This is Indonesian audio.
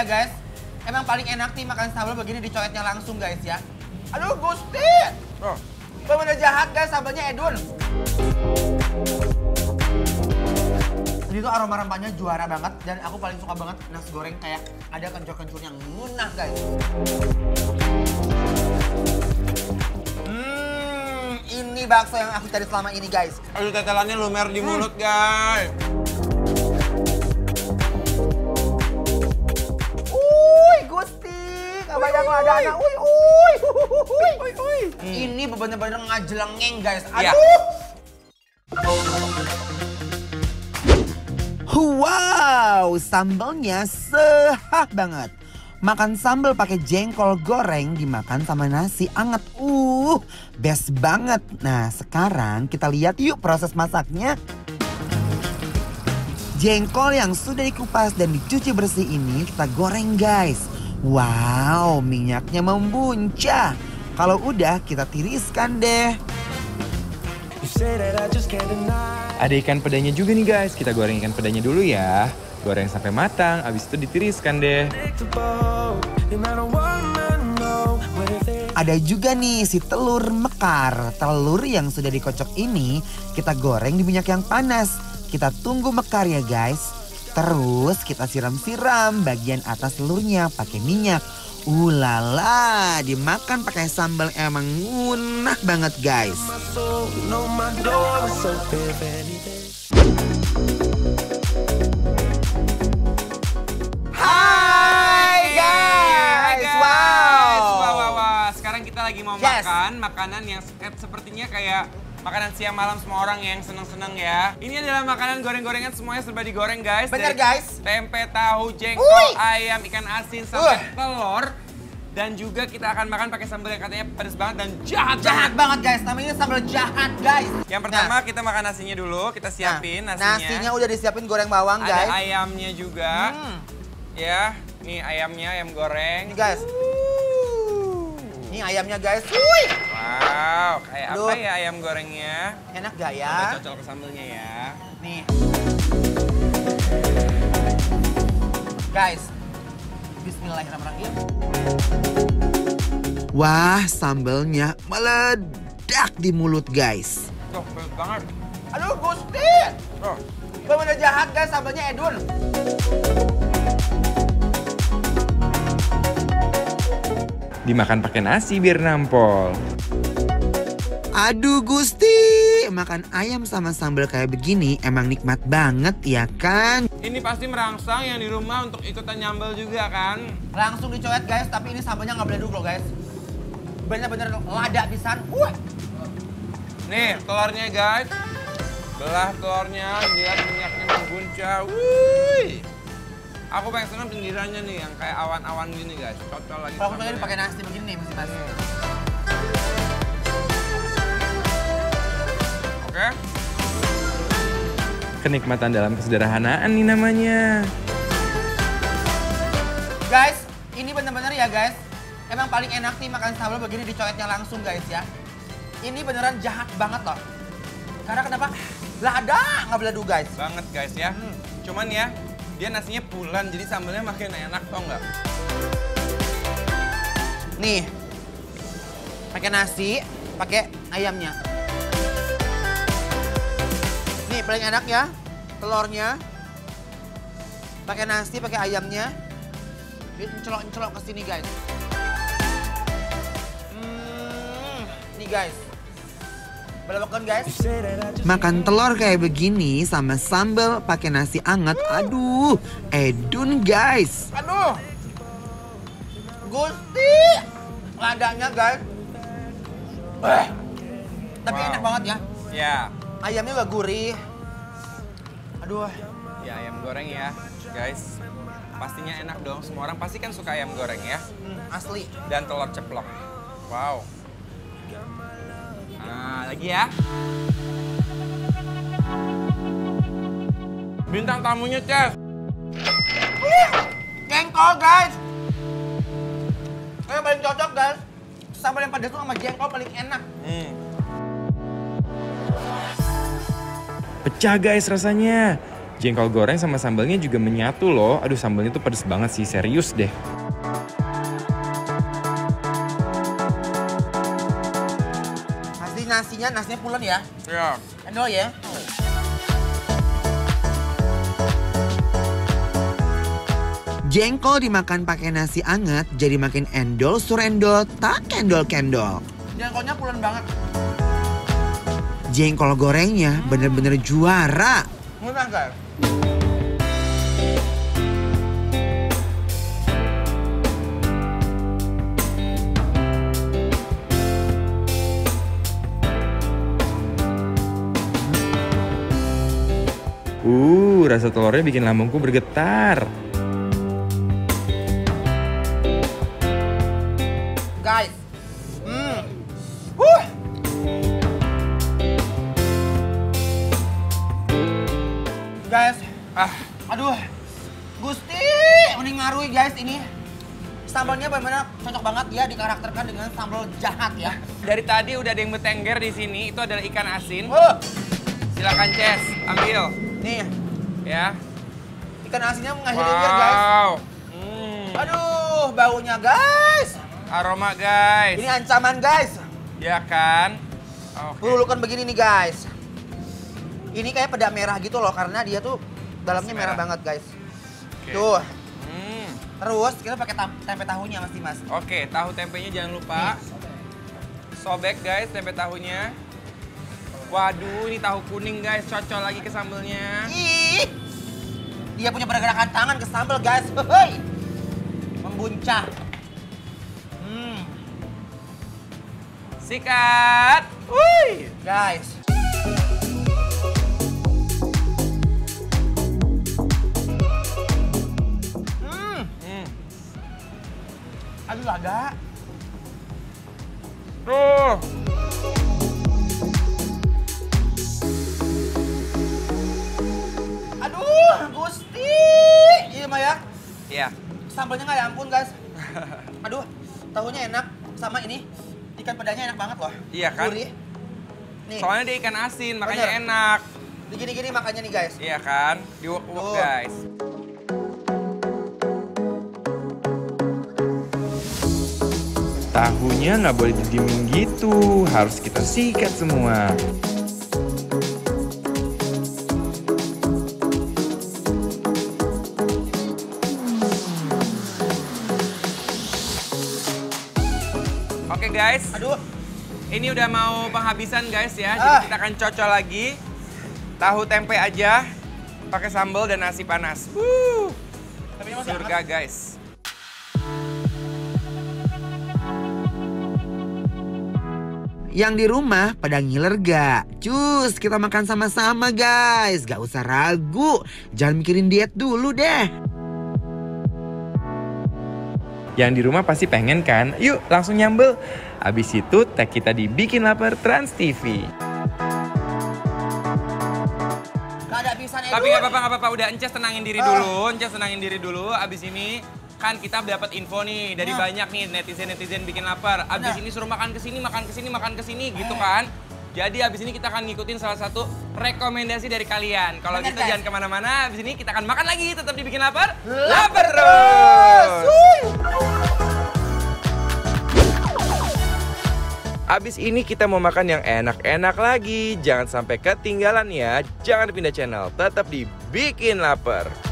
ya guys. Emang paling enak nih makan sambal begini dicoetnya langsung guys ya. Aduh Gusti. Loh, bener jahat guys sambalnya Edun. Ini itu aroma rempahnya juara banget dan aku paling suka banget nasi goreng kayak ada kencur kencur yang ngunah guys. Hmm, ini bakso yang aku cari selama ini guys. Aduh tetelannya lumer di hmm. mulut guys. Hmm. Ini bener-bener ngajelengeng guys. Iya. Aduh. Ya. Wow, sambalnya sehat banget. Makan sambal pakai jengkol goreng dimakan sama nasi anget. Uh, best banget. Nah, sekarang kita lihat yuk proses masaknya. Jengkol yang sudah dikupas dan dicuci bersih ini kita goreng guys. Wow, minyaknya membuncah. Kalau udah, kita tiriskan deh. Ada ikan pedanya juga nih guys, kita goreng ikan pedanya dulu ya. Goreng sampai matang, abis itu ditiriskan deh. Ada juga nih si telur mekar. Telur yang sudah dikocok ini kita goreng di minyak yang panas. Kita tunggu mekar ya guys. Terus kita siram-siram bagian atas telurnya pakai minyak Ulala, uh, dimakan pakai sambal emang enak banget guys. Hai guys, wow. wow, wow, wow. Sekarang kita lagi mau yes. makan makanan yang eh, sepertinya kayak makanan siang malam semua orang yang seneng-seneng ya. Ini adalah makanan goreng-gorengan semuanya serba digoreng guys. Bener guys. Tempe, tahu, jengkol, Ui. ayam, ikan asin, sampai uh. telur. Dan juga kita akan makan pakai sambal yang katanya pedas banget dan jahat Jahat banget, banget guys, namanya sambal jahat guys Yang nah. pertama nah. kita makan nasinya dulu, kita nah, siapin nah, nasinya Nasinya udah disiapin goreng bawang Ada guys Ada ayamnya juga hmm. Ya, ini ayamnya, ayam goreng Ini guys, ini ayamnya guys Wuih. Sama ya ayam gorengnya. Enak gak ya? Coba cocol ke sambelnya ya. Nih. Guys, bismillahirrahmanirrahim. Wah, sambelnya meledak di mulut guys. Tuh, pelit banget. Aduh, Gusti! Tuh. Bener jahat guys, sambelnya Edun. Dimakan pakai nasi biar nampol. Aduh Gusti, makan ayam sama sambal kayak begini emang nikmat banget ya kan? Ini pasti merangsang yang di rumah untuk ikutan nyambel juga kan? Langsung dicoret guys, tapi ini sambalnya nggak boleh dulu guys. Bener-bener lada pisan. Wah. Nih telurnya guys, belah telurnya lihat minyaknya mengguncang. Wuih. Aku pengen seneng pinggirannya nih yang kayak awan-awan gini guys. Cocok lagi. Kalau ini pakai nasi begini nih masih masih. Iya. kenikmatan dalam kesederhanaan nih namanya. Guys, ini bener-bener ya guys. Emang paling enak nih makan sambal begini dicoetnya langsung guys ya. Ini beneran jahat banget loh. Karena kenapa? Lada nggak beladu guys. Banget guys ya. Hmm. Cuman ya, dia nasinya pulan jadi sambalnya makin enak tau nggak? Nih, pakai nasi, pakai ayamnya. Ini paling enak ya, telurnya. Pakai nasi, pakai ayamnya. Encelok-encelok ke sini guys. Hmm, nih guys. Makan, guys. Makan telur kayak begini sama sambal pakai nasi anget. Hmm. Aduh, edun guys. Aduh. Gusti. Ladanya guys. Eh. Tapi enak banget ya. Ya. Yeah ayamnya gak gurih. Aduh. Ya ayam goreng ya, guys. Pastinya enak dong. Semua orang pasti kan suka ayam goreng ya. Hmm, asli. Dan telur ceplok. Wow. Nah, lagi ya. Bintang tamunya, Chef. Jengkol, guys. Yang paling cocok, guys. Sambal yang pedas tuh sama jengkol paling enak. Hmm. Pecah guys rasanya. Jengkol goreng sama sambalnya juga menyatu loh. Aduh sambalnya tuh pedes banget sih, serius deh. nasi nasinya, nasinya pulen ya? Iya. Endol ya? Jengkol dimakan pakai nasi anget jadi makin endol surendol tak kendol-kendol. Jengkolnya pulen banget jengkol gorengnya bener-bener juara. Menangkar. Uh, rasa telurnya bikin lambungku bergetar. Guys, Guys, ah. aduh, Gusti, mending ngarui guys ini. Sambalnya benar-benar cocok banget ya dikarakterkan dengan sambal jahat ya. Dari tadi udah ada yang betengger di sini, itu adalah ikan asin. Uh. Silakan Ces, ambil. Nih. Ya. Ikan asinnya mengakhiri wow. guys. Hmm. hmm. Aduh, baunya guys. Aroma guys. Ini ancaman guys. Ya kan? Okay. Lulukan begini nih guys. Ini kayak peda merah gitu loh karena dia tuh dalamnya merah, merah banget guys. Okay. Tuh. Hmm. Terus kita pakai tempe tahunya Mas Dimas. Oke, okay, tahu tempenya jangan lupa. Sobek guys tempe tahunya. Waduh, ini tahu kuning guys, cocok lagi ke sambelnya. Ih. Dia punya pergerakan tangan ke sambel guys. Hei. Membuncah. Hmm. Sikat. Wih, Guys, agak. Duh. Aduh, Gusti. Iya, ya? Iya. Sambalnya nggak ya? ampun, guys. Aduh, tahunya enak sama ini ikan pedanya enak banget loh. Iya kan? Gurih. Nih. Soalnya dia ikan asin, makanya Bener. enak. Begini-gini makanya nih, guys. Iya kan? Diuak-uak, guys. Tahunya nggak boleh didiemin gitu, harus kita sikat semua. Oke okay, guys. Aduh. Ini udah mau penghabisan guys ya. Ah. Jadi kita akan cocok lagi tahu tempe aja pakai sambal dan nasi panas. Wuh. Surga guys. Yang di rumah pada ngiler gak? Cus, kita makan sama-sama guys. Gak usah ragu. Jangan mikirin diet dulu deh. Yang di rumah pasti pengen kan? Yuk langsung nyambel. Abis itu tag kita dibikin lapar Trans TV. Tapi nggak apa-apa, nggak apa Udah Ences tenangin diri ah. dulu. Ences tenangin diri dulu. Abis ini kan kita dapat info nih dari nah. banyak nih netizen-netizen bikin lapar. Abis ini suruh makan kesini makan kesini makan kesini gitu eh. kan. Jadi abis ini kita akan ngikutin salah satu rekomendasi dari kalian. Kalau kita gitu guys. jangan kemana-mana, abis ini kita akan makan lagi. Tetap dibikin lapar. Lapar terus! Abis ini kita mau makan yang enak-enak lagi. Jangan sampai ketinggalan ya. Jangan pindah channel. Tetap dibikin lapar.